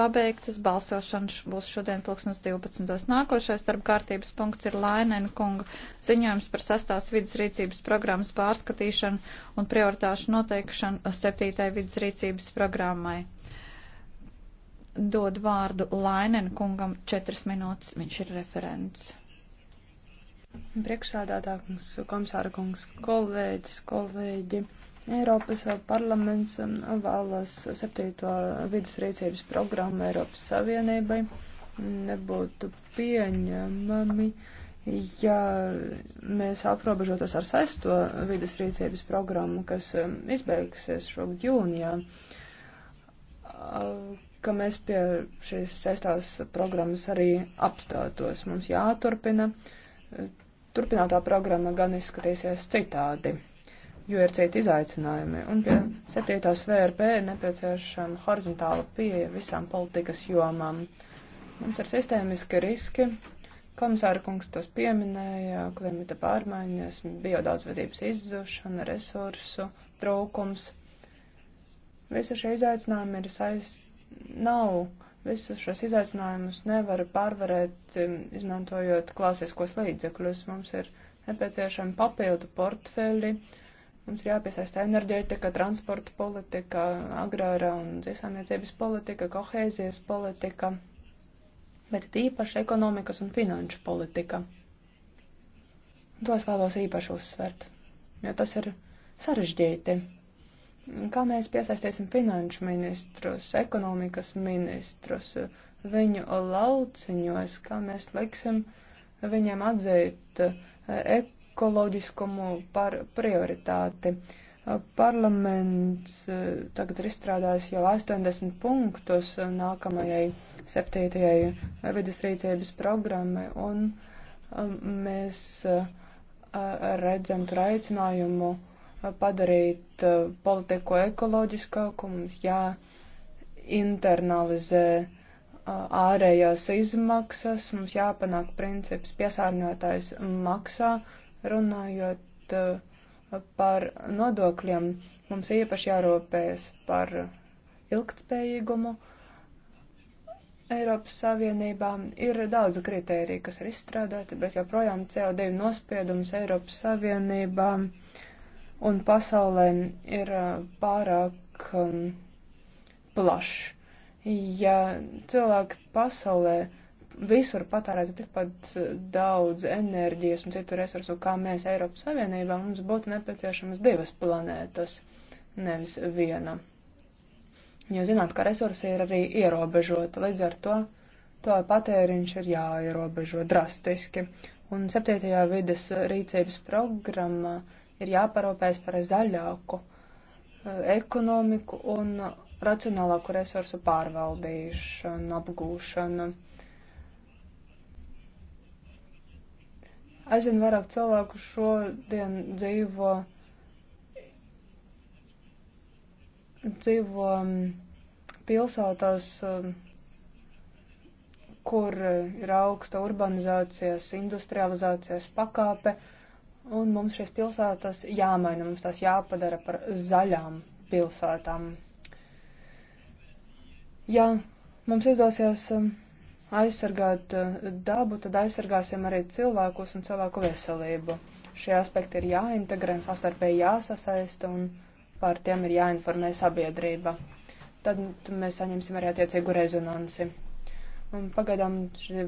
pabeigtas. Balsošanas būs šodien pulkstens 12. Nākošais darba kārtības punkts ir Lainēna kunga ziņojums par sastās vidas rīcības programmas pārskatīšanu un prioritāšu noteikšanu septītai vidas rīcības programmai. Dod vārdu Lainēna kungam četras minūtes, viņš ir referents. Priekšsādātākums, komisāra kungs, kolēģis, kolēģi. kolēģi Eiropas parlaments vēlas septīto vidas rīcības programmu Eiropas Savienībai. Nebūtu pieņemami, ja mēs aprobežotos ar sesto vidas rīcības programmu, kas um, izbeigsies šogad jūnijā, ka mēs pie šīs sestās programmas arī apstātos. Mums jāturpina. Turpinātā programma gan izskatīsies citādi jo ir citi izaicinājumi. Un pie septītās VRP ir nepieciešama horizontāla pieeja visām politikas jomām. Mums ir sistēmiski riski. Komisāra kungs tos pieminēja, klimata pārmaiņas, biodaudzvedības izzušana, resursu trūkums. Visi šie izaicinājumi ir saist... nav. Visus šos izaicinājumus nevar pārvarēt, um, izmantojot klasiskos līdzekļus. Mums ir nepieciešami papildu portfeļi, uh, Mums ir jāpiesaista enerģētika, transporta politika, agrāra un zivsaimniecības politika, kohēzijas politika, bet īpaši ekonomikas un finanšu politika. To es vēlos īpaši uzsvert, jo tas ir sarežģīti. Kā mēs piesaistīsim finanšu ministrus, ekonomikas ministrus, viņu lauciņos, kā mēs liksim viņiem atzīt ekonomiku eh, ekoloģiskumu par prioritāti. Parlaments tagad ir izstrādājis jau 80 punktus nākamajai septītajai vidas rīcības programmai, un mēs redzam tur aicinājumu padarīt politiku ekoloģiskāku, mums jāinternalizē ārējās izmaksas, mums jāpanāk princips piesārņotājs maksā, Runājot eh, par nodokļiem, mums īpaši jārūpējas par ilgtspējīgumu. Eiropas Savienībā ir daudz kritēriju, kas ir izstrādāti, bet joprojām CO2 nospiedums Eiropas Savienībā un pasaulē ir eh, pārāk um, plašs. Ja cilvēki pasaulē uh, visur patērētu tikpat eh, daudz enerģijas un citu resursu, kā mēs Eiropas Savienībā, mums būtu nepieciešamas divas planētas, nevis viena. Jo zināt, ka resursi ir arī ierobežoti, līdz ar to to patēriņš ir jāierobežo drastiski. Un septītajā vides rīcības programmā ir jāparūpēs par zaļāku eh, ekonomiku un racionālāku resursu pārvaldīšanu, apgūšanu. Aizvien vairāk cilvēku šodien dzīvo, dzīvo um, pilsētās, um, kur ir augsta urbanizācijas, industrializācijas pakāpe, un mums šīs pilsētas jāmaina, mums tās jāpadara par zaļām pilsētām. Jā, mums izdosies. Um, aizsargāt eh, dabu, tad aizsargāsim arī cilvēkus un cilvēku veselību. Šie aspekti ir jāintegrē, sastarpēji jāsasaista un par tiem ir jāinformē sabiedrība. Tad mēs saņemsim arī attiecīgu rezonansi. Un pagaidām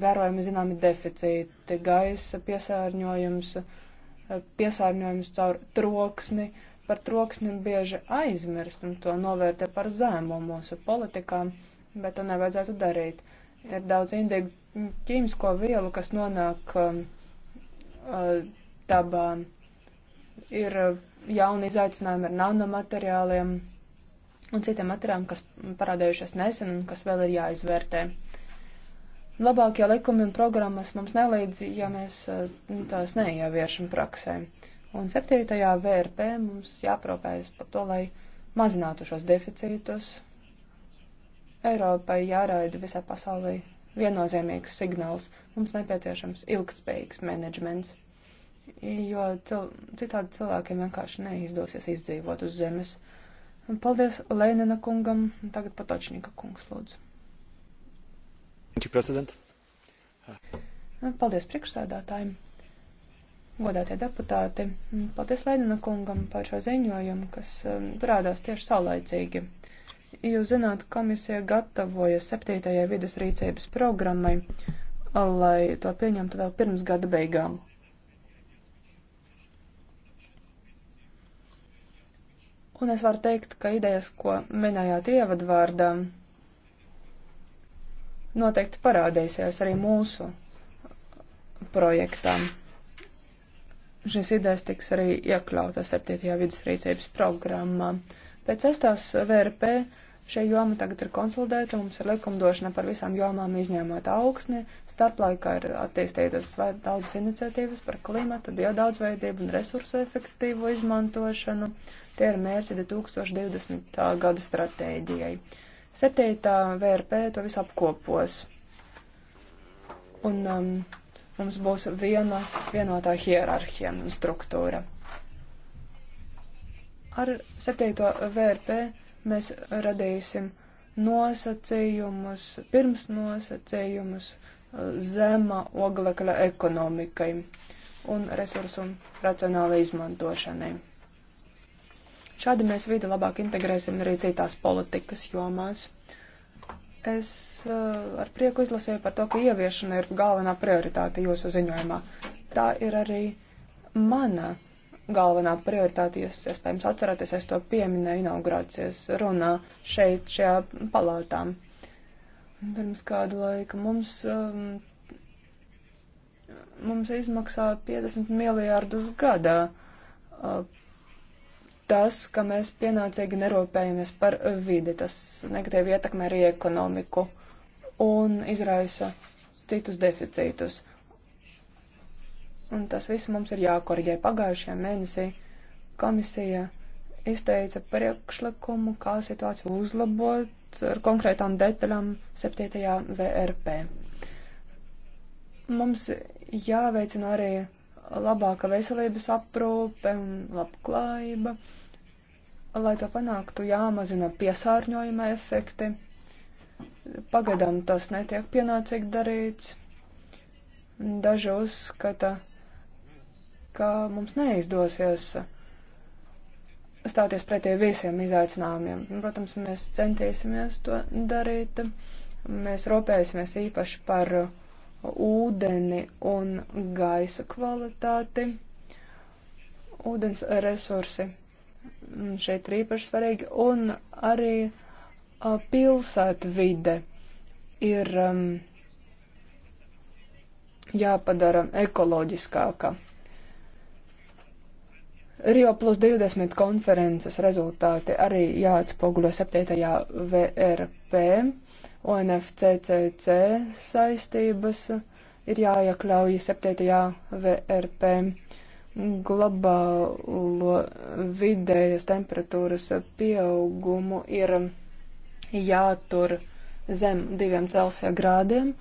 vērojami zināmi deficīti, gaisa piesārņojums, eh, piesārņojums caur troksni. Par troksni bieži aizmirst un to novērtē par zēmu mūsu politikām, bet to nevajadzētu darīt. Uh, Ir daudz indīgu ķīmisko vielu, kas nonāk um, uh, dabā. Ir uh, jauni izaicinājumi ar nanomateriāliem un citiem materiāliem, kas parādījušies nesen un kas vēl ir jāizvērtē. Labākie likumi un programmas mums nelīdz, ja mēs uh, tās neieviešam praksē. Un 7. VRP mums jāpropējas par to, lai mazinātu šos deficītus, Eiropai jāraida visā pasaulē viennozīmīgs signāls. Mums nepieciešams ilgspējīgs menedžments, jo cil citādi cilvēkiem vienkārši neizdosies izdzīvot uz zemes. Un paldies Lēnina kungam, tagad Patočnika kungs lūdzu. Paldies priekšsēdātājiem godātie deputāti, paldies Lenina kungam par šo ziņojumu, kas um, parādās tieši saulaicīgi. Jūs zināt, komisija gatavoja septītajai vidas rīcības programmai, lai to pieņemtu vēl pirms gada beigām. Un es varu teikt, ka idejas, ko minējāt ievadvārdā, noteikti parādīsies arī mūsu projektām. Šīs idejas tiks arī iekļautas septītajā vidas rīcības programmā. Uh, Pēc sestās VRP šī joma tagad ir konsolidēta, mums ir likumdošana par visām jomām izņēmot augsni, starplaikā ir attīstītas daudzas iniciatīvas par klimatu, biodaudzveidību un resursu efektīvu izmantošanu. Tie ir mērķi 2020. gada stratēģijai. Septītā VRP to visu apkopos. Un um, mums būs viena vienotā hierarhija un struktūra. Ar 7. VRP mēs radīsim nosacījumus, pirms nosacījumus uh, zema oglekļa ekonomikai un resursu racionālai izmantošanai. Šādi mēs vidi labāk integrēsim arī citās politikas jomās es uh, ar prieku izlasīju par to, ka ieviešana ir galvenā prioritāte jūsu ziņojumā. Tā ir arī mana galvenā prioritāte, jūs iespējams atceraties, es to pieminēju inaugurācijas runā šeit, šajā palātā. Pirms kādu laiku mums, um, mums izmaksā 50 miljārdus gadā uh, tas, ka mēs pienācīgi nerūpējamies par vidi, tas negatīvi ietekmē arī ekonomiku un izraisa citus deficītus. Un tas viss mums ir jākoriģē. Pagājušajā mēnesī komisija izteica priekšlikumu, kā situāciju uzlabot ar konkrētām detaļām 7. VRP. Mums jāveicina arī labāka veselības aprūpe un labklājība. Lai to panāktu, jāmazina piesārņojuma efekti. Pagaidām tas netiek pienācīgi darīts. Daži uzskata, ka mums neizdosies stāties pretī visiem izaicinājumiem. Protams, mēs centīsimies to darīt. Mēs rūpēsimies īpaši par ūdeni un gaisa kvalitāti. Ūdens resursi šeit ir īpaši svarīgi. Un arī pilsētu vide ir um, jāpadara ekoloģiskāka. Rio plus 20 konferences rezultāti arī jāatspoguļo 7. VRP, ONFCCC saistības ir jāiekļauj 7. VRP globālo vidējas temperatūras pieaugumu ir jātur zem diviem Celsija grādiem.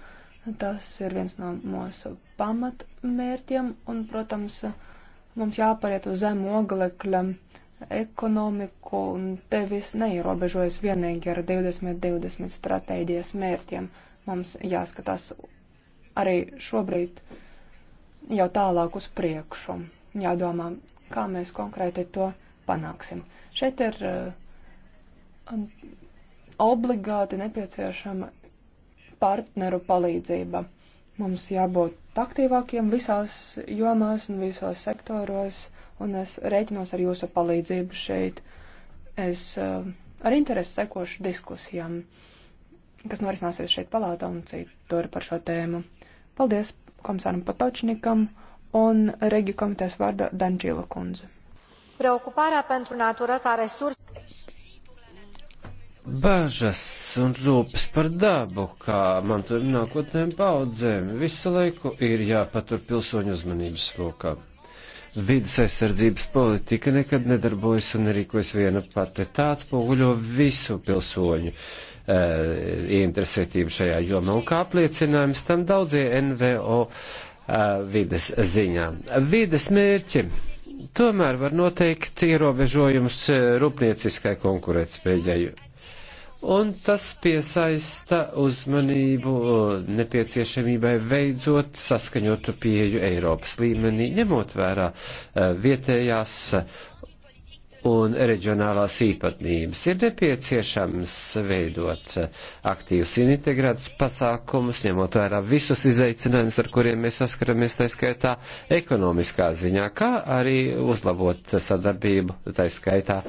Tas ir viens no mūsu pamatmērķiem un, protams, uh, Mums jāpariet uz zemu oglekļa ekonomiku, un te viss neierobežojas vienīgi ar 2020 stratēģijas mērķiem. Mums jāskatās arī šobrīd jau tālāk uz priekšu. Jādomā, kā mēs konkrēti to panāksim. Šeit ir uh, obligāti nepieciešama partneru palīdzība. Mums jābūt aktīvākiem visās jomās un visos sektoros, un es reiķinos ar jūsu palīdzību šeit. Es uh, ar interesi sekošu diskusijām, kas norisināsies šeit palātā un citur par šo tēmu. Paldies komisāram Patočnikam un Regi komitejas vārda Dančīla kundze. Preocuparea pentru natură ca resursă bažas un rūpes par dabu, kā mantojuma nākotnēm paudzēm, visu laiku ir jāpatur pilsoņu uzmanības lokā. Vides aizsardzības politika nekad nedarbojas un nerīkojas viena pati. Tāds poguļo visu pilsoņu e, ieinteresētību šajā jomā un kā apliecinājums tam daudzie NVO e, vides ziņā. Vides mērķi tomēr var noteikt ierobežojumus e, rūpnieciskai konkurētspējai un tas piesaista uzmanību uh, nepieciešamībai veidzot saskaņotu pieju Eiropas līmenī, ņemot vērā uh, vietējās un reģionālās īpatnības. Ir nepieciešams veidot aktīvus un integrētus pasākumus, ņemot vērā visus izaicinājumus, ar kuriem mēs saskaramies, tā skaitā ekonomiskā ziņā, kā arī uzlabot sadarbību, tā skaitā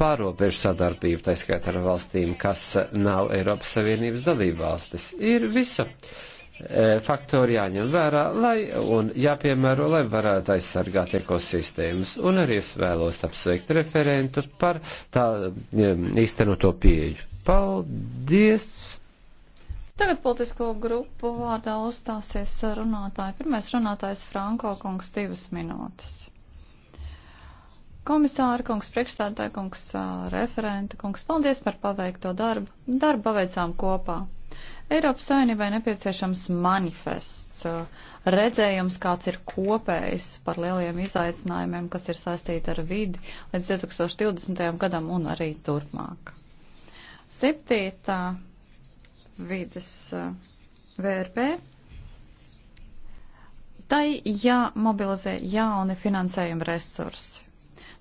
pārobežu sadarbību, tā skaitā ar valstīm, kas nav Eiropas Savienības dalībvalstis. Ir visu E, faktori jāņem vērā lai, un jāpiemēro, lai varētu aizsargāt ekosistēmas. Un arī es vēlos apsveikt referentu par tā e, īstenoto pieeju. Paldies! Tagad politisko grupu vārdā uzstāsies runātāji. Pirmais runātājs Franko kungs divas minūtes. Komisāra kungs, priekšstādāja kungs, referenta kungs, paldies par paveikto darbu. Darbu paveicām kopā. Eiropas Savienībai nepieciešams manifests, uh, redzējums, kāds ir kopējs par lielajiem izaicinājumiem, kas ir saistīti ar vidi līdz 2020. gadam un arī turpmāk. Septītā vides uh, VRP. Tai jāmobilizē jauni finansējuma resursi.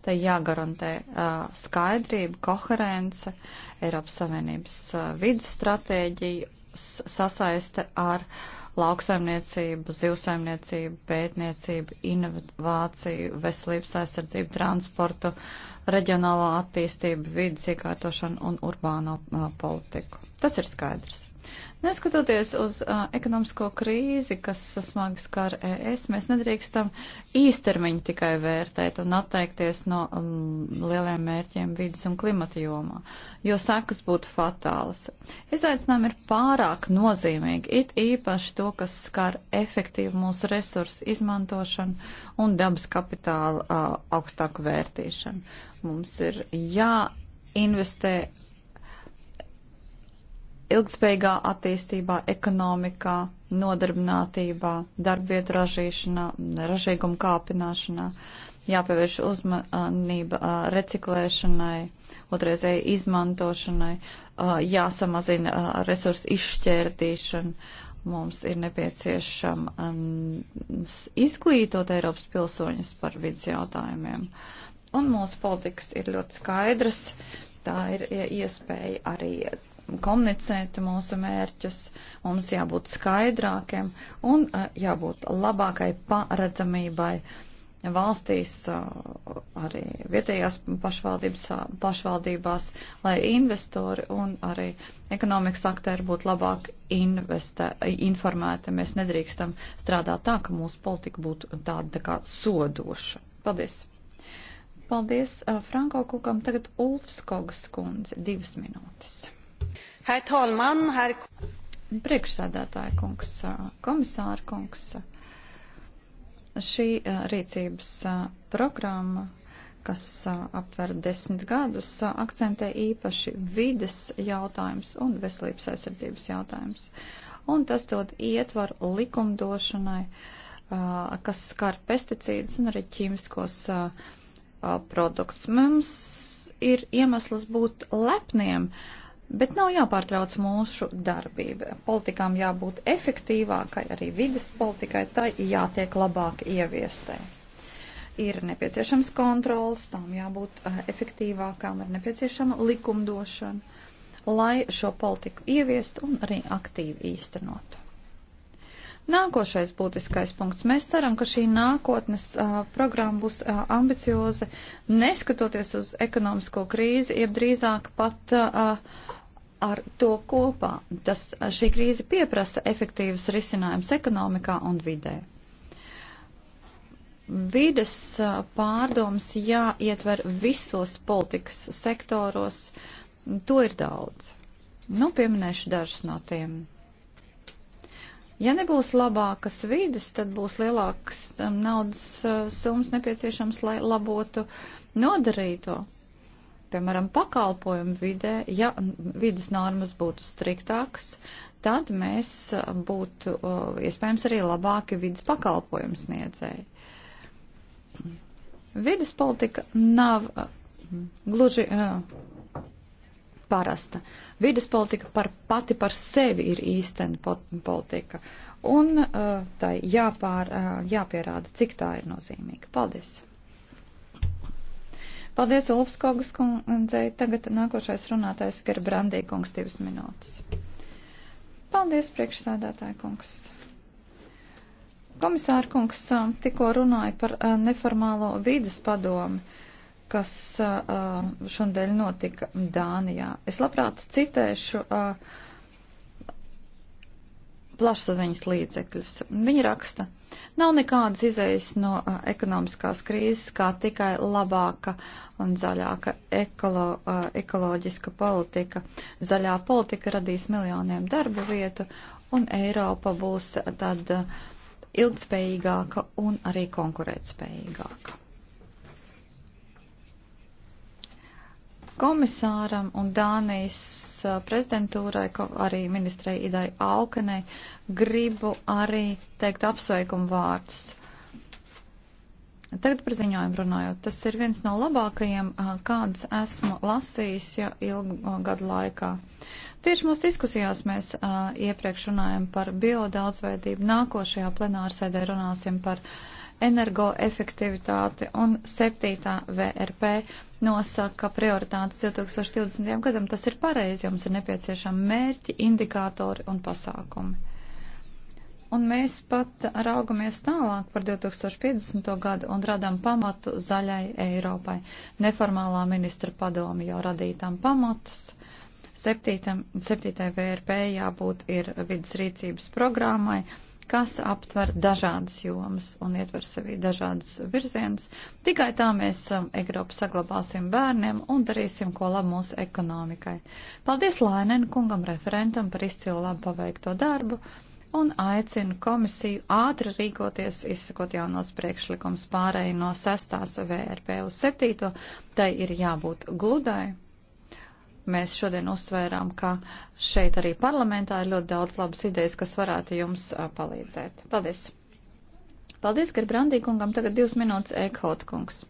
Tai jāgarantē uh, skaidrība, koherence, Eiropas Savienības uh, vidas stratēģija sasaiste ar lauksaimniecību, zivsaimniecību, pētniecību, inovāciju, veselības aizsardzību, transportu, reģionālo attīstību, vidas iekārtošanu un urbāno politiku. Tas ir skaidrs. Neskatoties uz uh, ekonomisko krīzi, kas sasmagi skar ES, mēs nedrīkstam īstermiņu tikai vērtēt un atteikties no um, lieliem mērķiem vidas un klimata jomā, jo sekas būtu fatālas. Izaicinājumi ir pārāk nozīmīgi, it īpaši to, kas skar efektīvu mūsu resursu izmantošanu un dabas kapitāla uh, augstāku vērtīšanu. Mums ir jāinvestē ilgspējīgā attīstībā, ekonomikā, nodarbinātībā, darbvietu ražīšanā, ražīguma kāpināšanā, jāpievērš uzmanība reciklēšanai, otrreizēji izmantošanai, jāsamazina resursu izšķērdīšana. Mums ir nepieciešams izglītot Eiropas pilsoņus par vidas jautājumiem. Un mūsu politikas ir ļoti skaidras. Tā ir iespēja arī komunicēt mūsu mērķus, mums jābūt skaidrākiem un eh, jābūt labākai paredzamībai valstīs, eh, arī vietējās pašvaldības, pašvaldībās, lai investori un arī ekonomikas aktēri būtu labāk investē, informēti. Mēs nedrīkstam strādāt tā, ka mūsu politika būtu tāda tā kā sodoša. Paldies! Paldies eh, Franko Kukam. Tagad Ulfskogas kundze divas minūtes. Herr talman, herr... Priekšsēdētāja kungs, komisāra kungs, šī eh, rīcības eh, programma, kas eh, aptver desmit gadus, akcentē īpaši vides jautājums un veselības aizsardzības jautājums. Un tas dod ietvaru likumdošanai, kas skar pesticīdus un arī ķīmiskos produktus. Mums ir iemesls būt lepniem Bet nav jāpārtrauc mūsu darbība. Politikām jābūt efektīvākai, arī vidas politikai tai jātiek labāk ieviestē. Ir nepieciešams kontrols, tām jābūt eh, efektīvākām, ir nepieciešama likumdošana, lai šo politiku ieviestu un arī aktīvi īstenotu. Nākošais būtiskais punkts. Mēs ceram, ka šī nākotnes uh, programma būs uh, ambicioza, neskatoties uz ekonomisko krīzi, jeb drīzāk pat uh, ar to kopā. Tas, šī krīze pieprasa efektīvas risinājums ekonomikā un vidē. Vides pārdoms jāietver visos politikas sektoros, to ir daudz. Nu, pieminēšu dažus no tiem. Ja nebūs labākas vides, tad būs lielāks naudas summas nepieciešams, lai labotu nodarīto piemēram, pakalpojumu vidē, ja vidas normas būtu striktākas, tad mēs uh, būtu uh, iespējams arī labāki vidas pakalpojumu sniedzēji. Vides politika nav uh, gluži uh, parasta. Vides politika par pati par sevi ir īstena politika. Un uh, tai jāpār, uh, jāpierāda, cik tā ir nozīmīga. Paldies! Paldies, Ulfs Kogas kundzei. Tagad nākošais runātājs ir Brandī kungs divas minūtes. Paldies, priekšsēdētāja kungs. Komisāra kungs tikko runāja par neformālo vīdes padomu, kas šodien notika Dānijā. Es labprāt citēšu plašsaziņas līdzekļus. Viņi raksta, Nav nekādas izējas no uh, ekonomiskās krīzes, kā tikai labāka un zaļāka ekolo, uh, ekoloģiska politika. Zaļā politika radīs miljoniem darba vietu, un Eiropa būs tad uh, ilgspējīgāka un arī konkurētspējīgāka. komisāram un Dānijas prezidentūrai, arī ministrei Idai Aukenai, gribu arī teikt apsveikumu vārdus. Tagad par ziņojumu runājot, tas ir viens no labākajiem, kādas esmu lasījis jau ilgu gadu laikā. Tieši mūsu diskusijās mēs iepriekš runājam par biodaudzveidību, nākošajā plenārsēdē runāsim par uh, energoefektivitāti un 7. VRP nosaka prioritātes 2020. gadam. Tas ir pareizi, jums ir nepieciešami mērķi, indikātori un pasākumi. Un mēs pat raugamies tālāk par 2050. gadu un radām pamatu zaļai Eiropai. Neformālā ministra padomi jau radītām pamatus. Septītam, septītai VRP jābūt ir vidas rīcības programmai kas aptver dažādas jomas un ietver sevī dažādas virzienus. Tikai tā mēs um, Eiropu saglabāsim bērniem un darīsim ko labu mūsu ekonomikai. Paldies Lainen kungam referentam par izcilu labu paveikto darbu un aicinu komisiju ātri rīkoties, izsakot jaunos priekšlikums pārēju no sestās VRP uz septīto, tai ir jābūt gludai Mēs šodien uzsvērām, ka šeit arī parlamentā ir ļoti daudz labas idejas, kas varētu jums palīdzēt. Paldies! Paldies, Gerbrandī kungam. Tagad divas minūtes Ekhot kungs.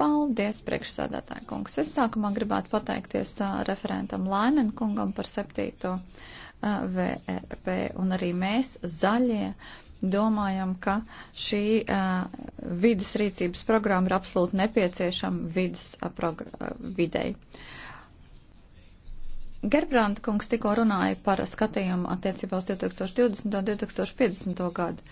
Paldies, priekšsādātāja kungs. Es sākumā gribētu pateikties referentam Lainen kungam par septīto VRP e un arī mēs zaļie domājam, ka šī uh, vidas rīcības programma ir absolūti nepieciešama vidas uh, videi. Uh, Gerbranda kungs tikko runāja par skatījumu attiecībā uz 2020. un 2050. gadu.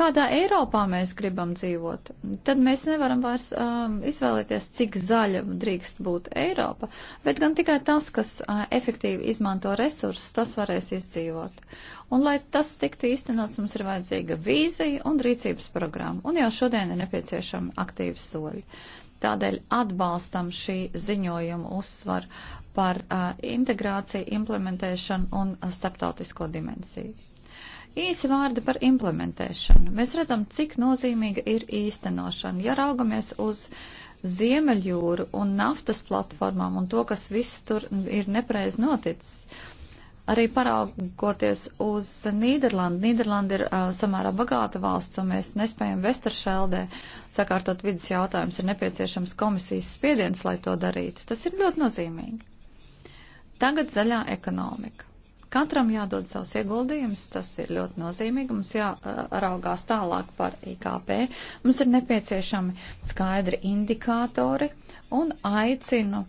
Kādā Eiropā mēs gribam dzīvot? Tad mēs nevaram vairs um, izvēlēties, cik zaļa drīkst būt Eiropa, bet gan tikai tas, kas uh, efektīvi izmanto resursus, tas varēs izdzīvot. Un, lai tas tiktu īstenots, mums ir vajadzīga vīzija un rīcības programma, un jau šodien ir nepieciešami aktīvi soļi. Tādēļ atbalstam šī ziņojuma uzsvaru par uh, integrāciju, implementēšanu un uh, starptautisko dimensiju. Īsi vārdi par implementēšanu. Mēs redzam, cik nozīmīga ir īstenošana. Ja raugamies uz Ziemeļjūru un naftas platformām un to, kas viss tur ir nepareiz noticis, arī paraugoties uz Nīderlandu. Nīderlanda ir uh, samērā bagāta valsts, un mēs nespējam Vesteršeldē sakārtot vidas jautājumus. Ir nepieciešams komisijas spiediens, lai to darītu. Tas ir ļoti nozīmīgi. Tagad zaļā ekonomika. Katram jādod savs ieguldījums, tas ir ļoti nozīmīgi. Mums jāraugās tālāk par IKP. Mums ir nepieciešami skaidri indikātori un aicinu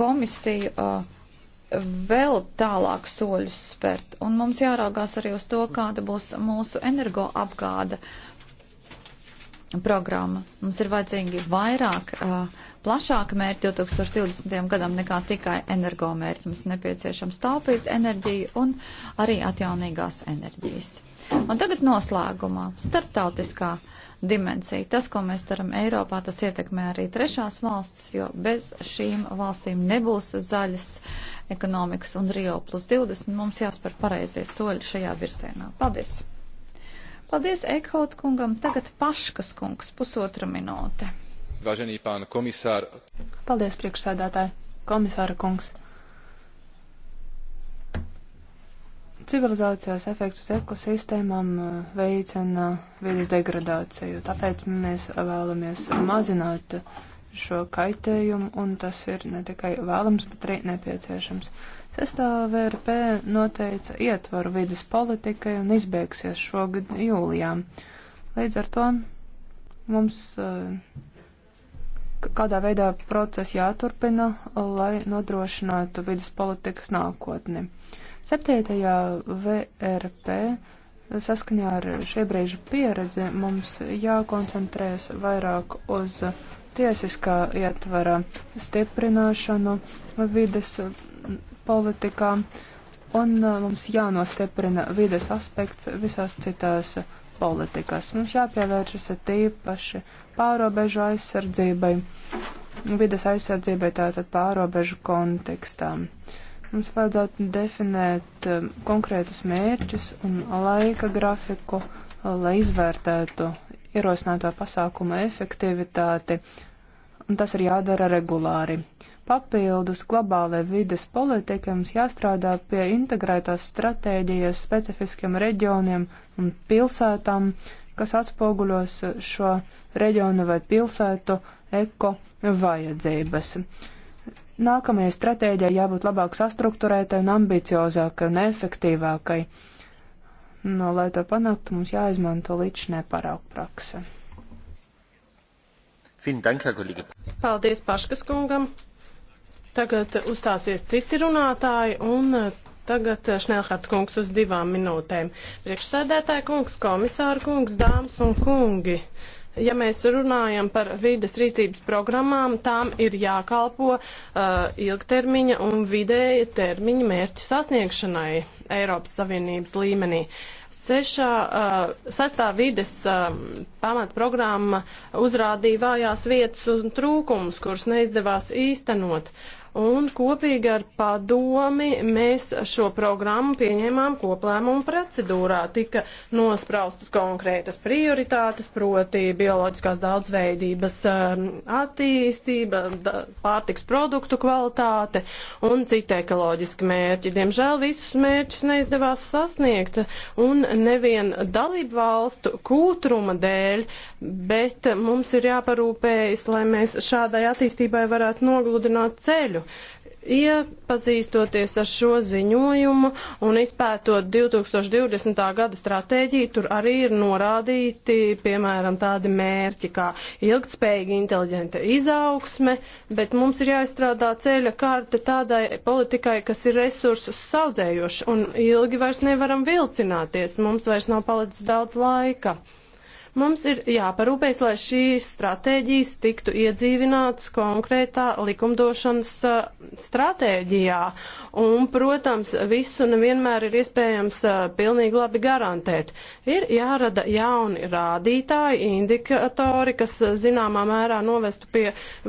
komisiju uh, vēl tālāk soļus spērt. Un mums jāraugās arī uz to, kāda būs mūsu energoapgāda programma. Mums ir vajadzīgi vairāk. Uh, plašāka mērķa 2020. gadam nekā tikai energomērķi. Mums nepieciešams taupīt enerģiju un arī atjaunīgās enerģijas. Un tagad noslēgumā starptautiskā dimensija. Tas, ko mēs darām Eiropā, tas ietekmē arī trešās valstis, jo bez šīm valstīm nebūs zaļas ekonomikas un Rio plus 20 mums jāspēr pareizie soļi šajā virzienā. Paldies! Paldies Ekhaut kungam, tagad Paškas kungs, pusotra minūte. Vážený pán komisār. Paldies, priekšsēdētāji. Komisāra kungs. Civilizācijas efekts uz ekosistēmām uh, veicina vidas degradāciju, tāpēc mēs vēlamies mazināt šo kaitējumu, un tas ir ne tikai vēlams, bet arī nepieciešams. Sestā VRP noteica ietvaru vidas politikai un izbeigsies šogad jūlijā. Līdz ar to mums uh, kādā veidā process jāturpina, lai nodrošinātu vidas politikas nākotni. 7. VRP saskaņā ar šī brīža pieredzi mums jākoncentrēs vairāk uz tiesiskā ietvara stiprināšanu vides politikā, un uh, mums jānostiprina vides aspekts visās citās politikas. Mums jāpievēršas tīpaši pārobežu aizsardzībai, vides aizsardzībai tātad pārobežu kontekstā. Mums vajadzētu definēt um, konkrētus mērķus un laika grafiku, lai izvērtētu ierosināto pasākumu efektivitāti, un tas ir jādara regulāri. Papildus globālai vides politikai mums jāstrādā pie integrētās stratēģijas specifiskiem reģioniem un pilsētām, kas atspoguļos šo reģionu vai pilsētu eko vajadzības. Nākamajai stratēģijai jābūt labāk sastruktūrētai un ambiciozākai un efektīvākai. No, nu, lai to panāktu, mums jāizmanto līdšanai paraugu prakse. Paldies Paškas kungam! Tagad uzstāsies citi runātāji un eh, tagad eh, Šnelhart kungs uz divām minūtēm. Priekšsēdētāja kungs, komisāra kungs, dāmas un kungi. Ja mēs runājam par vides rīcības programmām, tām ir jākalpo uh, ilgtermiņa un vidēja termiņa mērķu sasniegšanai Eiropas Savienības līmenī. Sešā, uh, sestā vides uh, pamatprogramma uzrādīja vājās vietas un trūkumus, kurus neizdevās īstenot. Uh, un kopīgi ar padomi mēs šo programmu pieņēmām koplēmumu procedūrā. Tika nospraustas konkrētas prioritātes, proti bioloģiskās daudzveidības um, attīstība, pārtiks produktu kvalitāte un citi ekoloģiski mērķi. Diemžēl visus mērķus neizdevās sasniegt un nevien dalību valstu kūtruma dēļ, bet mums ir jāparūpējas, lai mēs šādai attīstībai varētu nogludināt ceļu. Iepazīstoties ar šo ziņojumu un izpētot 2020. gada stratēģiju, tur arī ir norādīti, piemēram, tādi mērķi kā ilgtspējīga inteliģenta izaugsme, bet mums ir jāizstrādā ceļa karte tādai politikai, kas ir resursus saudzējoša, un ilgi vairs nevaram vilcināties, mums vairs nav palicis daudz laika. Mums ir jāparūpēs, lai šīs stratēģijas tiktu iedzīvinātas konkrētā likumdošanas stratēģijā. Un, protams, visu nevienmēr ir iespējams pilnīgi labi garantēt. Ir jārada jauni rādītāji, indikatori, kas zināmā mērā novestu pie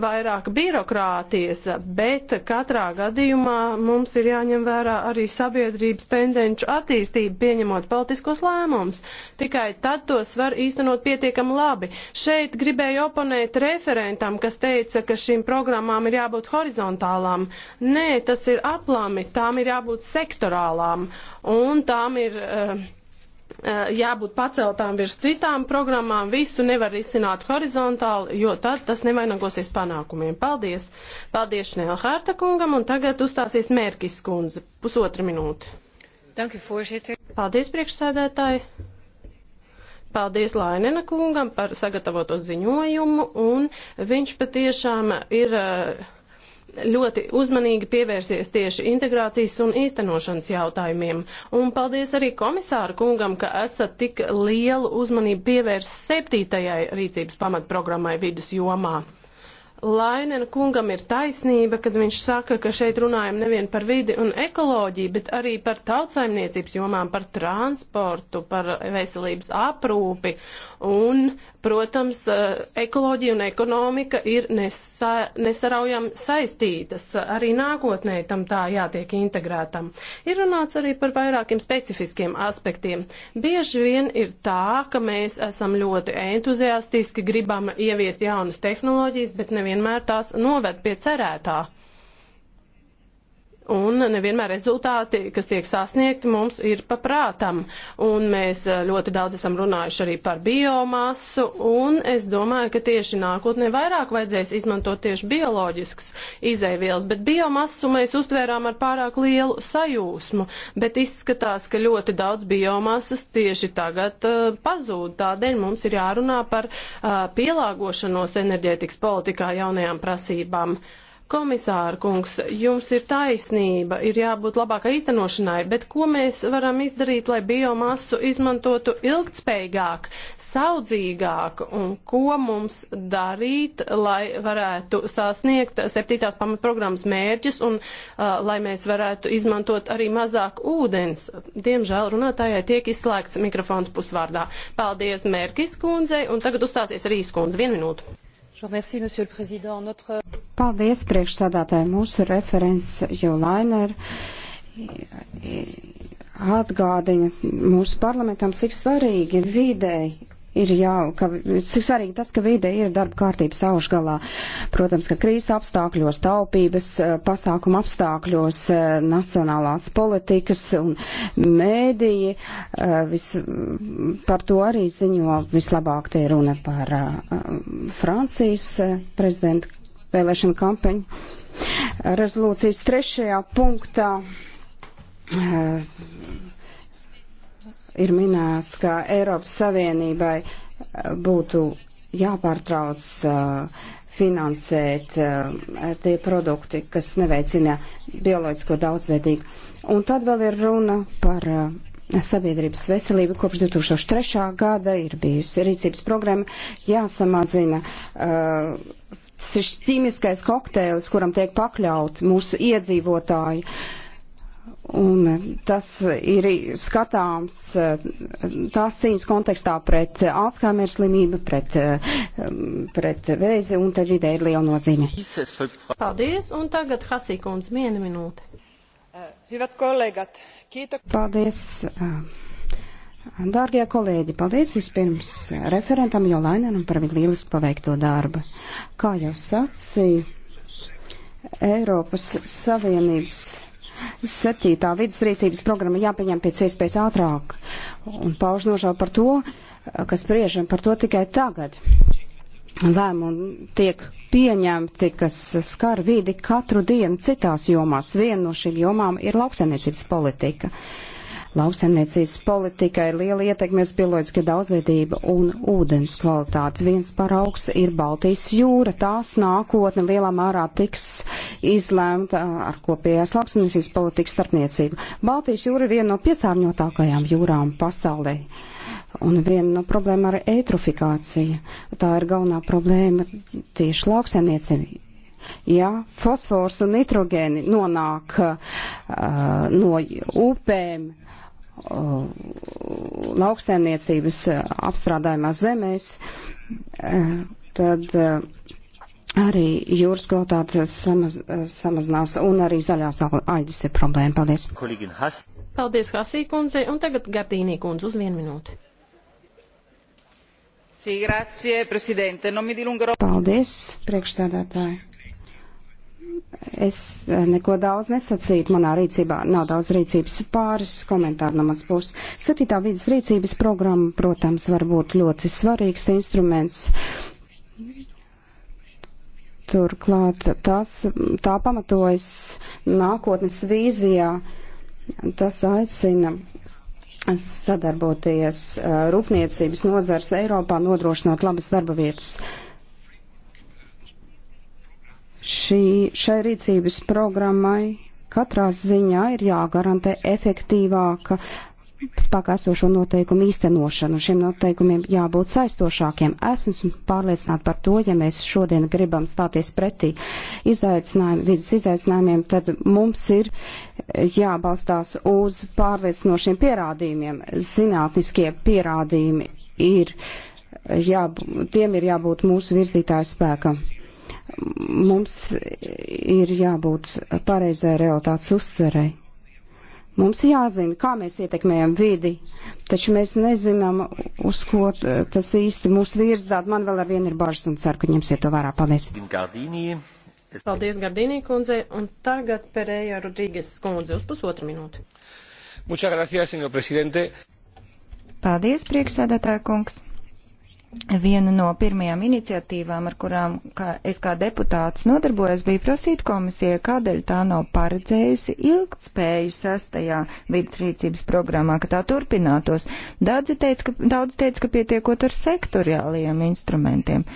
vairāk birokrātijas, bet katrā gadījumā mums ir jāņem vērā arī sabiedrības tendenču attīstību, pieņemot politiskos lēmumus. Tikai tad tos var īstenot pietiekami labi. Šeit gribēju oponēt referentam, kas teica, ka šīm programmām ir jābūt horizontālām. Nē, tas ir aplami, tām ir jābūt sektorālām un tām ir. Uh, Eh, jābūt paceltām virs citām programmām, visu nevar izsināt horizontāli, jo tad tas nevainagosies panākumiem. Paldies! Paldies Šnēla Hārta kungam, un tagad uzstāsies Mērkis kundze. Pusotra minūte. Paldies, priekšsēdētāji! Paldies Lainena kungam par sagatavoto ziņojumu, un viņš patiešām ir uh, ļoti uzmanīgi pievērsies tieši integrācijas un īstenošanas jautājumiem. Un paldies arī komisāru kungam, ka esat tik lielu uzmanību pievērsis septītajai rīcības pamatprogrammai vidus jomā. Lainena kungam ir taisnība, kad viņš saka, ka šeit runājam nevien par vidi un ekoloģiju, bet arī par tautsaimniecības jomām, par transportu, par veselības aprūpi un Protams, eh, ekoloģija un ekonomika ir nesa, nesaraujami saistītas. Arī nākotnē tam tā jātiek integrētam. Ir runāts arī par vairākiem specifiskiem aspektiem. Bieži vien ir tā, ka mēs esam ļoti entuziastiski, gribam ieviest jaunas tehnoloģijas, bet nevienmēr tās noved pie cerētā. Un nevienmēr rezultāti, kas tiek sasniegti, mums ir paprātam. Un mēs eh, ļoti daudz esam runājuši arī par biomasu, un es domāju, ka tieši nākotnē vairāk vajadzēs izmantot tieši bioloģisks izēvielas, bet biomasu mēs uztvērām ar pārāk lielu sajūsmu, bet izskatās, ka ļoti daudz biomasas tieši tagad uh, pazūd. Tādēļ mums ir jārunā par uh, pielāgošanos enerģētikas politikā jaunajām prasībām. Uh, Komisāra kungs, jums ir taisnība, ir jābūt labākai īstenošanai, bet ko mēs varam izdarīt, lai biomasu izmantotu ilgtspējīgāk, saudzīgāk un ko mums darīt, lai varētu sasniegt septītās pamatprogrammas mērķis un uh, lai mēs varētu izmantot arī mazāk ūdens. Diemžēl runātājai tiek izslēgts mikrofons pusvārdā. Paldies Mērkis kundzei un tagad uzstāsies arī skundze. Vienu minūtu. Paldies priekšsādātāji mūsu referents Jolainer. Atgādina mūsu parlamentam, cik svarīgi videi ir jā, ka, cik svarīgi tas, ka vide ir darba kārtības augšgalā. Protams, ka krīzes apstākļos, taupības eh, pasākuma apstākļos, eh, nacionālās politikas un mēdīji eh, vis, par to arī ziņo vislabāk tie runa par Francijas prezidenta vēlēšanu kampaņu. Rezolūcijas trešajā punktā ir minēts, ka Eiropas Savienībai eh, būtu jāpārtrauc uh, finansēt uh, tie produkti, kas neveicina bioloģisko daudzveidību. Un tad vēl ir runa par uh, sabiedrības veselību. Kopš 2003. gada ir bijusi rīcības programma jāsamazina. Tas ir ķīmiskais kokteils, kuram tiek pakļauti mūsu iedzīvotāji. Uh, Un tas ir skatāms tās cīņas kontekstā pret Alzheimer's slimību, pret, um, pret vēzi, un tad vidē ir liela nozīme. Paldies, un tagad Hasīkons, viena minūte. Hyvät kollegat, kiitos. Paldies. Um, dārgie kolēģi, paldies vispirms referentam Jolainenam par viņu lielisku paveikto darbu. Kā jau sacīju, Eiropas Savienības septītā vidusrīcības programma jāpieņem pēc iespējas ātrāk. Un pauž nožēlu par to, ka spriežam par to tikai tagad. Lēmumi tiek pieņemti, kas skar vidi katru dienu citās jomās. Viena no šīm jomām ir lauksainiecības politika. Uh, Lauksaimniecības politika ir liela ietekme uz bioloģisko daudzveidību un ūdens kvalitāti. Viens paraugs ir Baltijas jūra. Tās nākotne lielā mērā tiks izlēmta ar kopējās lauksaimniecības politikas starpniecību. Baltijas jūra ir viena no piesārņotākajām jūrām pasaulē. Un viena no problēmām ir eitrofikācija. Tā ir galvenā problēma tieši lauksaimniecībai. Ja fosfors un nitrogēni nonāk uh, no upēm, uh, lauksēmniecības apstrādājumās zemēs, tad eh, arī jūras kvalitāte samaz, samazinās un arī zaļās aidas ir problēma. Paldies. Paldies, Hasī kundze, un tagad Gardīnī kundze uz vienu minūti. Paldies, priekšstādātāji. Es eh, neko daudz nesacītu, manā rīcībā nav daudz rīcības pāris komentāru no mans puses. Septītā vidas rīcības programma, protams, var būt ļoti svarīgs instruments. Turklāt tās, tā pamatojas nākotnes vīzijā. Tas aicina sadarboties eh, rūpniecības nozars Eiropā, nodrošināt labas darba vietas. Uh, Šī, šai rīcības programmai katrā ziņā ir jāgarantē efektīvāka spēkā esošo noteikumu īstenošanu. Šiem noteikumiem jābūt saistošākiem. Esmu pārliecināta par to, ja mēs šodien gribam stāties pretī izaicinājumiem, vidas izaicinājumiem, tad mums ir jābalstās uz pārliecinošiem pierādījumiem. Zinātniskie pierādījumi ir, jā, tiem ir jābūt mūsu virzītāju spēkam. Mums ir jābūt pareizai realitātes uztverei. Mums jāzina, kā mēs ietekmējam vidi, taču mēs nezinām, uz ko tas īsti mūs virzāt. Man vēl ar vienu ir bažas un ceru, ka ņemsiet to vērā. Paldies! Paldies, Gardīnī kundze, un tagad Pereja Rodrīgas kundze uz pusotru minūti. Muchas gracias, señor presidente. Paldies, priekšsēdētāja kungs. Viena no pirmajām iniciatīvām, ar kurām kā, es kā deputāts nodarbojos, bija prasīt komisijai, kādēļ tā nav paredzējusi ilgtspēju sastajā vidas rīcības programmā, ka tā turpinātos. Daudzi teica, ka, daudz teica, ka pietiekot ar sektoriālajiem instrumentiem.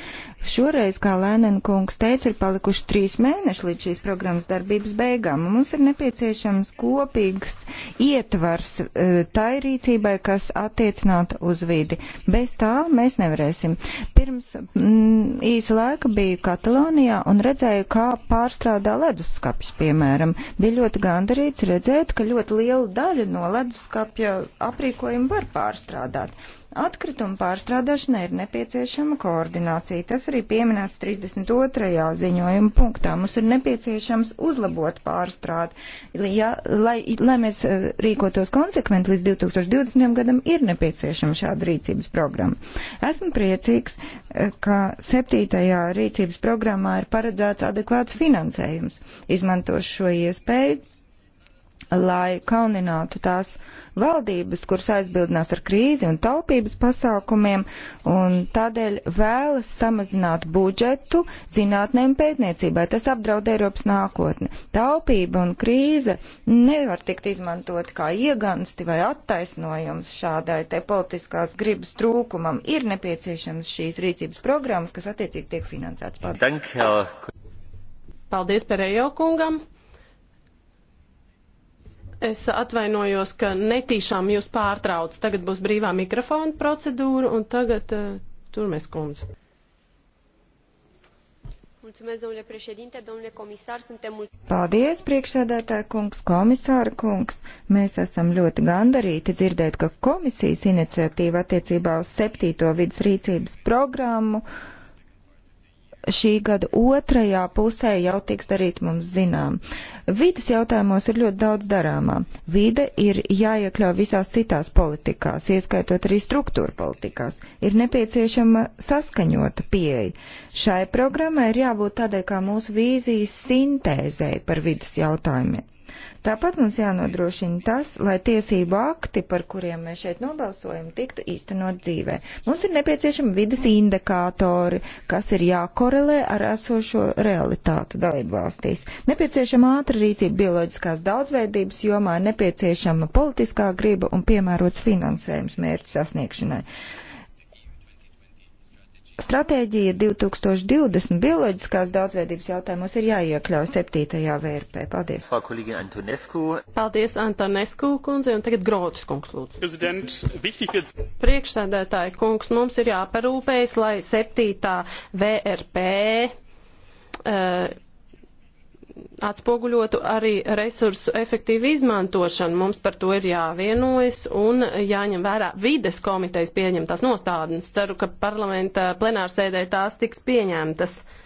Šoreiz, kā Lēnena kungs teica, ir palikuši trīs mēneši līdz šīs programmas darbības beigām. Mums ir nepieciešams kopīgs ietvars e, tai rīcībai, kas attiecināta uz vidi. Bez tā mēs nevarēsim. Pirms m, mm, īsa laika biju Katalonijā un redzēju, kā pārstrādā leduskapis, piemēram. Bija ļoti gandarīts redzēt, ka ļoti lielu daļu no leduskapja aprīkojumu var pārstrādāt. Atkritumu pārstrādāšanai ir nepieciešama koordinācija. Tas arī pieminēts 32. ziņojuma punktā. Mums ir nepieciešams uzlabot pārstrādi. Ja, lai, lai mēs eh, rīkotos konsekventi līdz 2020. gadam, ir nepieciešama šāda rīcības programma. Esmu priecīgs, eh, ka 7. rīcības programmā ir paredzēts adekvāts finansējums. Izmantošu šo iespēju lai kauninātu tās valdības, kuras aizbildinās ar krīzi un taupības pasākumiem, un tādēļ vēlas samazināt budžetu zinātnēm pētniecībai. Tas apdraud Eiropas nākotni. Taupība un krīze nevar tikt izmantot kā iegansti vai attaisnojums šādai te politiskās gribas trūkumam. Ir nepieciešams šīs rīcības programmas, kas attiecīgi tiek finansētas. Paldies, Paldies Perejo kungam! Es atvainojos, ka netīšām jūs pārtraucu. Tagad būs brīvā mikrofona procedūra un tagad uh, eh, turmēs kundze. Paldies, priekšsēdētāja kungs, komisāra kungs. Mēs esam ļoti gandarīti dzirdēt, ka komisijas iniciatīva attiecībā uz septīto vidas rīcības programmu uh, šī gada otrajā pusē jau tiks darīt mums zinām. Vides jautājumos ir ļoti daudz darāmā. Vide ir jāiekļauj visās citās politikās, ieskaitot arī struktūra politikās. Ir nepieciešama saskaņota pieeja. Šai programmai ir jābūt tādai kā mūsu vīzijas sintēzei par vides jautājumiem. Tāpat mums jānodrošina tas, lai tiesību akti, par kuriem mēs šeit nobalsojam, tiktu īstenot dzīvē. Mums ir nepieciešami vidas indikātori, kas ir jākorelē ar esošo realitātu dalību valstīs. Nepieciešama ātra rīcība bioloģiskās daudzveidības jomā, nepieciešama politiskā griba un piemērots finansējums mērķu sasniegšanai. Stratēģija 2020 bioloģiskās daudzveidības jautājumos ir jāiekļauj 7. vērpē. Paldies. Paldies, Antonesku kundze, un tagad Grotas kungs lūdzu. Priekšsēdētāji kungs, mums ir jāparūpējas, lai 7. VRP. Uh, atspoguļotu arī resursu efektīvu izmantošanu. Mums par to ir jāvienojas un jāņem vērā vides komitejas pieņemtās nostādnes. Ceru, ka parlamenta plenārsēdē tās tiks pieņemtas. Uh,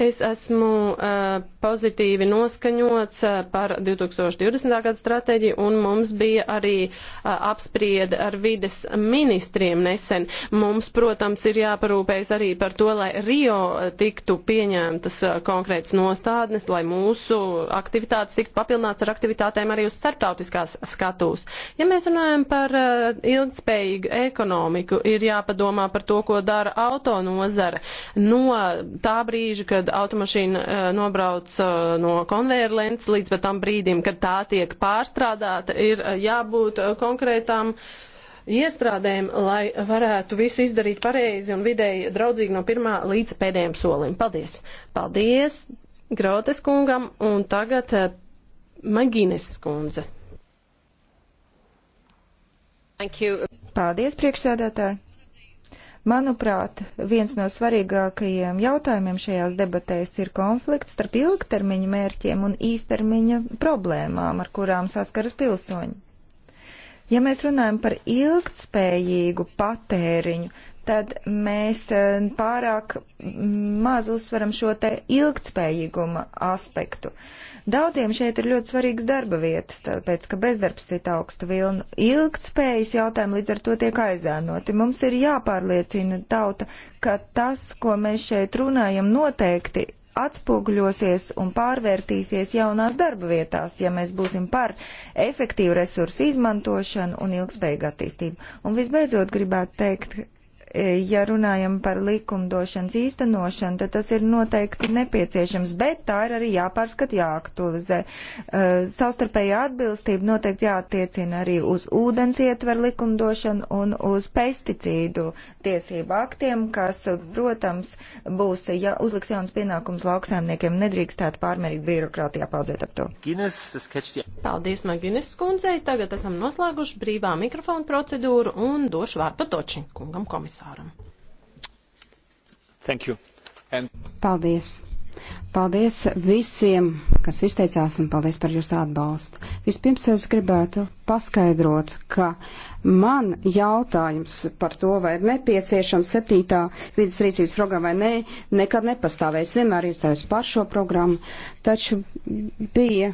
Es esmu uh, pozitīvi noskaņots uh, par 2020. gada stratēģiju, un mums bija arī uh, apspriede ar vides ministriem nesen. Mums, protams, ir jāparūpējas arī par to, lai Rio tiktu pieņemtas uh, konkrētas nostādnes, lai mūsu aktivitātes tiktu papildināts ar aktivitātēm arī uz starptautiskās skatūs. Ja mēs runājam par uh, ilgspējīgu ekonomiku, ir jāpadomā par to, ko dara autonozara no tā brīža, kad kad automašīna uh, nobrauc uh, no konvejer lences līdz tam brīdim, kad tā tiek pārstrādāta, ir uh, jābūt uh, konkrētām iestrādēm, lai varētu visu izdarīt pareizi un vidēji draudzīgi no pirmā līdz pēdējiem solim. Paldies! Paldies Grotes kungam un tagad uh, Magines kundze. Paldies, priekšsēdētāji! Manuprāt, viens no svarīgākajiem jautājumiem šajās debatēs ir konflikts starp ilgtermiņa mērķiem un īstermiņa problēmām, ar kurām saskaras pilsoņi. Ja mēs runājam par ilgtspējīgu patēriņu, tad mēs e, pārāk maz uzsveram šo te ilgtspējīguma aspektu. Daudziem šeit ir ļoti svarīgs darba vietas, tāpēc, ka bezdarbs ir augsta vilna. Ilgtspējas jautājumi līdz ar to tiek aizēnoti. Mums ir jāpārliecina tauta, ka tas, ko mēs šeit runājam, noteikti atspūgļosies un pārvērtīsies jaunās darba vietās, ja mēs būsim par efektīvu resursu izmantošanu un ilgspējīgu attīstību. Un visbeidzot gribētu teikt, ja runājam par likumdošanas īstenošanu, tad tas ir noteikti nepieciešams, bet tā ir arī jāpārskata, jāaktualizē. Eh, savstarpējā atbilstība noteikti jātiecina arī uz ūdens ietveru likumdošanu un uz pesticīdu tiesību aktiem, kas, protams, būs, ja uzliks jauns pienākums lauksaimniekiem, nedrīkstētu pārmērīgi birokrātijā paudzēt ap to. Paldies, Maginis skundzei. Tagad esam noslēguši brīvā mikrofona procedūru un došu vārdu Patočiņkungam komisāram komisāram. And... Paldies! Paldies visiem, kas izteicās, un paldies par jūsu atbalstu. Vispirms es gribētu paskaidrot, ka man jautājums par to, vai ir nepieciešama septītā vidas rīcības programma vai nē, ne, nekad nepastāvēs. Vienmēr iestājos par šo programmu, taču bija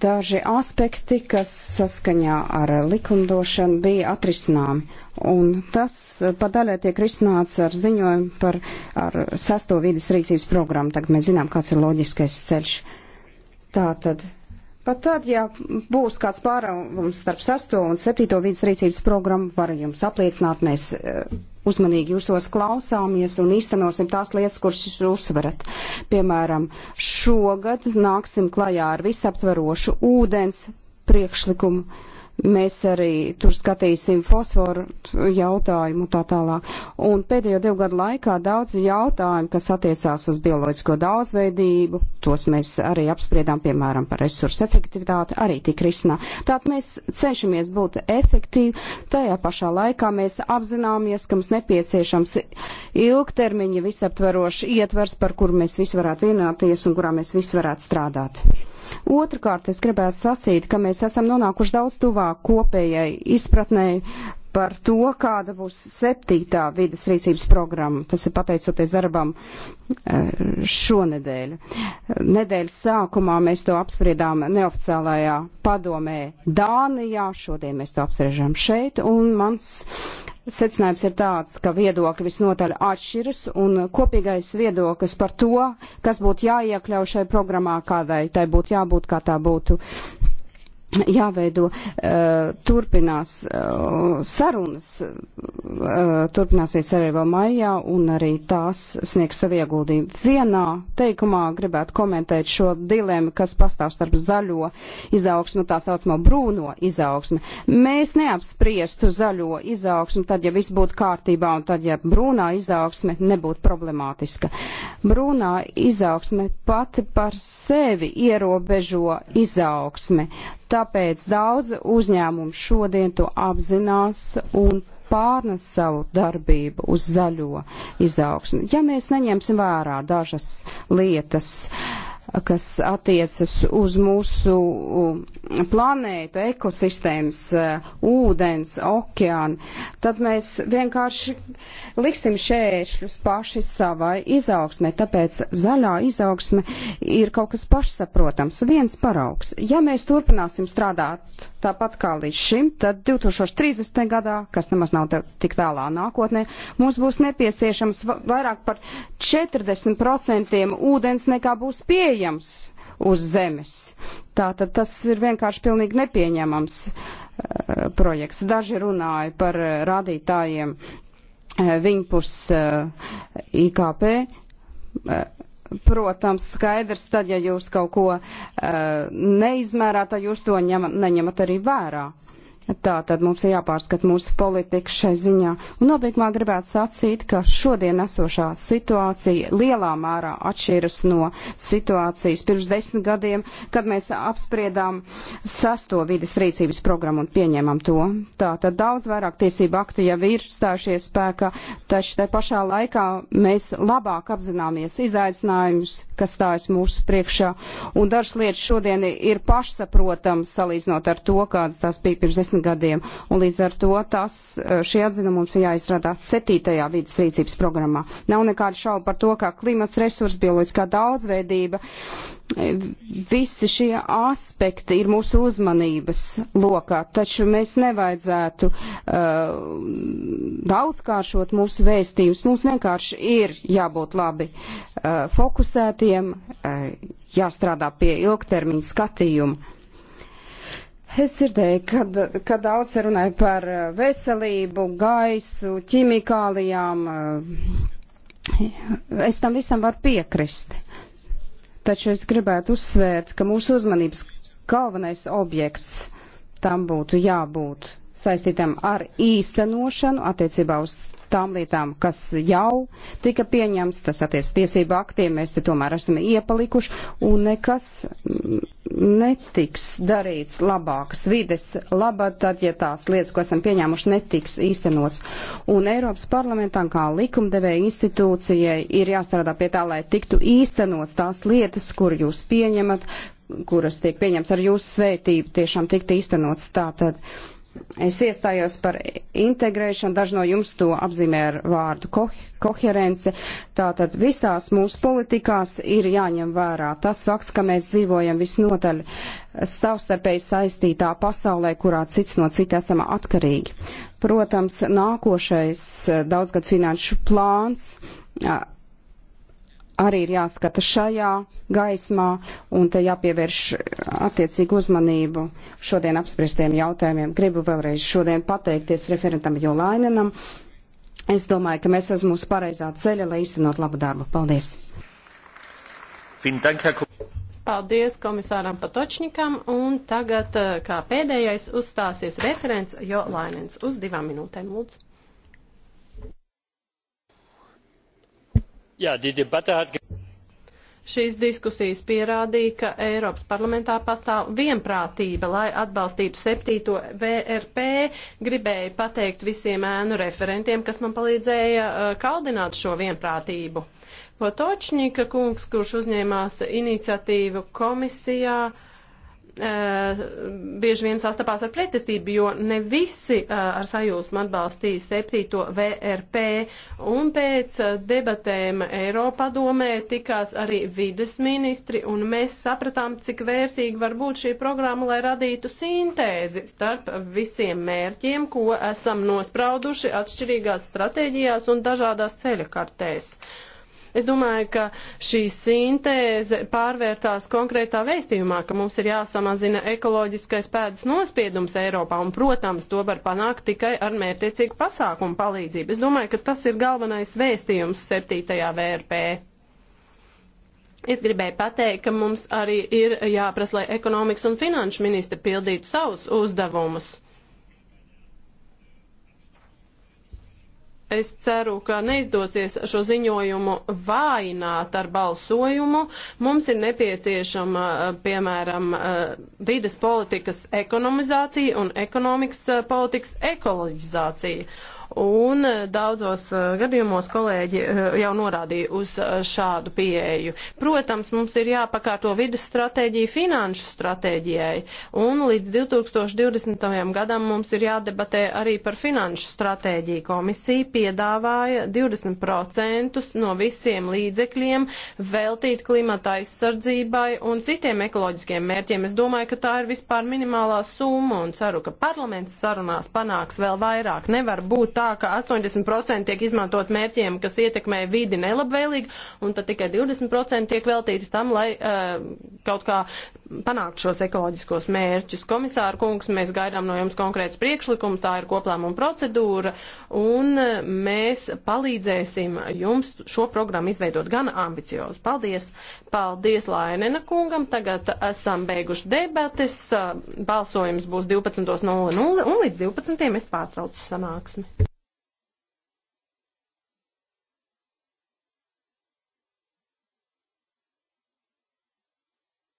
daži aspekti, kas saskaņā ar likumdošanu bija atrisināmi. Un tas padaļai tiek risināts ar ziņojumu par ar sesto vidas rīcības programmu. Tagad mēs zinām, kāds ir loģiskais ceļš. Tātad, pat tad, ja būs kāds pārāvums starp sesto un septīto vidas rīcības programmu, varu jums apliecināt, mēs eh, uzmanīgi jūsos klausāmies un īstenosim tās lietas, kuras jūs uzsverat. Piemēram, šogad nāksim klajā ar visaptvarošu ūdens priekšlikumu Mēs arī tur skatīsim fosforu jautājumu tā tālāk. Un pēdējo divu gadu laikā daudz jautājumu, kas attiecās uz bioloģisko daudzveidību, tos mēs arī apspriedām, piemēram, par resursu efektivitāti, arī tik risinā. Tātad mēs cenšamies būt efektīvi, tajā pašā laikā mēs apzināmies, ka mums nepieciešams ilgtermiņa visaptverošs ietvers, par kuru mēs visi varētu vienāties un kurā mēs visi varētu strādāt. Otrakārt, es gribētu sacīt, ka mēs esam nonākuši daudz tuvāk kopējai izpratnēji par to, kāda būs septītā vidas rīcības programma. Tas ir pateicoties darbam eh, šonedēļ. Nedēļas sākumā mēs to apspriedām neoficiālajā padomē Dānijā, šodien mēs to apspriežam šeit, un mans secinājums ir tāds, ka viedokļi visnotaļ atšķiras, un kopīgais viedoklis par to, kas būtu jāiekļauj šai programmā, kādai tai būtu jābūt, kā tā būtu jāveido uh, turpinās uh, sarunas, uh, turpināsies arī vēl maijā, un arī tās sniegs savu ieguldījumu. Vienā teikumā gribētu komentēt šo dilemu, kas pastāv starp zaļo izaugsmu, tā saucamo brūno izaugsmu. Mēs neapspriestu zaļo izaugsmu, tad, ja viss būtu kārtībā, un tad, ja brūnā izaugsme nebūtu problemātiska. Brūnā izaugsme pati par sevi ierobežo izaugsmi. Tāpēc daudz uzņēmumu šodien to apzinās un pārnes savu darbību uz zaļo izaugsmu. Ja mēs neņemsim vērā dažas lietas, uh, kas attiecas uz mūsu planētu, ekosistēmas, e, ūdens, okeānu, tad mēs vienkārši liksim šēršļus paši savai izaugsmē. Tāpēc zaļā izaugsme ir kaut kas pašsaprotams, viens paraugs. Ja mēs turpināsim strādāt tāpat kā līdz šim, tad 2030. gadā, kas nemaz nav tik tālā nākotnē, mums būs nepieciešams vairāk par 40% ūdens nekā būs pieejams pieejams uz zemes. Tātad tas ir vienkārši pilnīgi nepieņemams uh, projekts. Daži runāja par eh, rādītājiem uh, eh, viņpus uh, IKP. Protams, skaidrs, tad, ja jūs kaut ko uh, neizmērāt, tad jūs to ņem, neņemat arī vērā. Uh, Tā tad mums ir jāpārskat mūsu politika šai ziņā. Un nobeigumā gribētu sacīt, ka šodien esošā situācija lielā mērā atšķiras no situācijas pirms desmit gadiem, kad mēs apspriedām sesto vides rīcības programmu un pieņēmām to. Tā tad daudz vairāk tiesību akti jau ir stājušies spēkā, taču tai pašā laikā mēs labāk apzināmies izaicinājumus, kas stājas mūsu priekšā. Un dažas lietas šodien ir pašsaprotams salīdzinot ar to, kādas tās bija pirms desmit gadiem desmit gadiem, un līdz ar to tas, eh, šie atzinumi mums ir jāizstrādā septītajā vidas rīcības programmā. Nav nekāda šauba par to, kā klimats resursi, bioloģiskā daudzveidība, eh, visi šie aspekti ir mūsu uzmanības lokā, taču mēs nevajadzētu uh, daudzkāršot mūsu vēstījumus. Mums vienkārši ir jābūt labi uh, fokusētiem, uh, jāstrādā pie ilgtermiņa skatījuma Es dzirdēju, kad, kad daudz runāja par eh, veselību, gaisu, ķimikālijām. Eh, es tam visam varu piekrist. Taču es gribētu uzsvērt, ka mūsu uzmanības galvenais objekts tam būtu jābūt saistītam ar īstenošanu attiecībā uz tām lietām, kas jau tika pieņemts, tas attiec tiesību aktiem, mēs te tomēr esam iepalikuši, un nekas netiks darīts labākas vides labā, tad, ja tās lietas, ko esam pieņēmuši, netiks īstenots. Un Eiropas parlamentam kā likumdevēja institūcijai ir jāstrādā pie tā, lai tiktu īstenots tās lietas, kur jūs pieņemat, kuras tiek pieņems ar jūsu svētību, tiešām tikt īstenots. Tātad Es iestājos par integrēšanu, daži no jums to apzīmē ar vārdu ko koherence. Tātad visās mūsu politikās ir jāņem vērā tas fakts, ka mēs dzīvojam visnotaļ savstarpēji saistītā pasaulē, kurā cits no cita esam atkarīgi. Protams, nākošais eh, daudzgad finanšu plāns eh, arī ir jāskata šajā gaismā un te jāpievērš attiecīgu uzmanību šodien apspriestiem jautājumiem. Gribu vēlreiz šodien pateikties referentam Jolaininam. Es domāju, ka mēs esam uz pareizā ceļa, lai īstenot labu darbu. Paldies! Paldies komisāram Patočnikam un tagad eh, kā pēdējais uzstāsies referents Jolainins uz divām minūtēm lūdzu. Jā, die debata hat Šīs diskusijas pierādīja, ka Eiropas parlamentā pastāv vienprātība, lai atbalstītu septīto VRP. Gribēju pateikt visiem ēnu referentiem, kas man palīdzēja uh, kaldināt šo vienprātību. Potočņika kungs, kurš uzņēmās iniciatīvu komisijā, uh, Eh, bieži vien sastapās ar pretestību, jo ne visi eh, ar sajūsmu atbalstīja 7. VRP, un pēc eh, debatēm Eiropadomē tikās arī vides ministri, un mēs sapratām, cik vērtīgi var būt šī programma, lai radītu sintēzi starp visiem mērķiem, ko esam nosprauduši atšķirīgās stratēģijās un dažādās ceļakartēs. kartēs. Es domāju, ka šī sintēze pārvērtās konkrētā veistījumā, ka mums ir jāsamazina ekoloģiskais pēdas nospiedums Eiropā, un, protams, to var panākt tikai ar mērtiecīgu pasākumu palīdzību. Es domāju, ka tas ir galvenais vēstījums 7. VRP. Es gribēju pateikt, ka mums arī ir jāprasa, lai ekonomikas un finanšu ministri pildītu savus uzdevumus. Es ceru, ka neizdosies šo ziņojumu vājināt ar balsojumu. Mums ir nepieciešama, eh, piemēram, eh, vides politikas ekonomizācija un ekonomikas eh, politikas ekoloģizācija un eh, daudzos eh, gadījumos kolēģi eh, jau norādīja uz šādu pieeju. Protams, mums ir jāpakārto vidas stratēģija finanšu stratēģijai, un līdz 2020. gadam mums ir jādebatē arī par finanšu stratēģiju. Komisija piedāvāja 20% no visiem līdzekļiem veltīt klimata aizsardzībai un citiem ekoloģiskiem mērķiem. Es domāju, ka tā ir vispār minimālā summa un ceru, ka parlaments sarunās panāks vēl vairāk. Nevar būt tā, ka 80% tiek izmantot mērķiem, kas ietekmē vidi nelabvēlīgi, un tad tikai 20% tiek veltīti tam, lai uh, kaut kā panākt šos ekoloģiskos mērķus. Komisāra kungs, mēs gaidām no jums konkrēts priekšlikums, tā ir koplēmuma procedūra, un eh, mēs palīdzēsim jums šo programmu izveidot gan ambiciozu. Paldies! Paldies Lainena kungam! Tagad esam beiguši debates, eh, balsojums būs 12.00 un līdz 12.00 es pārtraucu sanāksmi.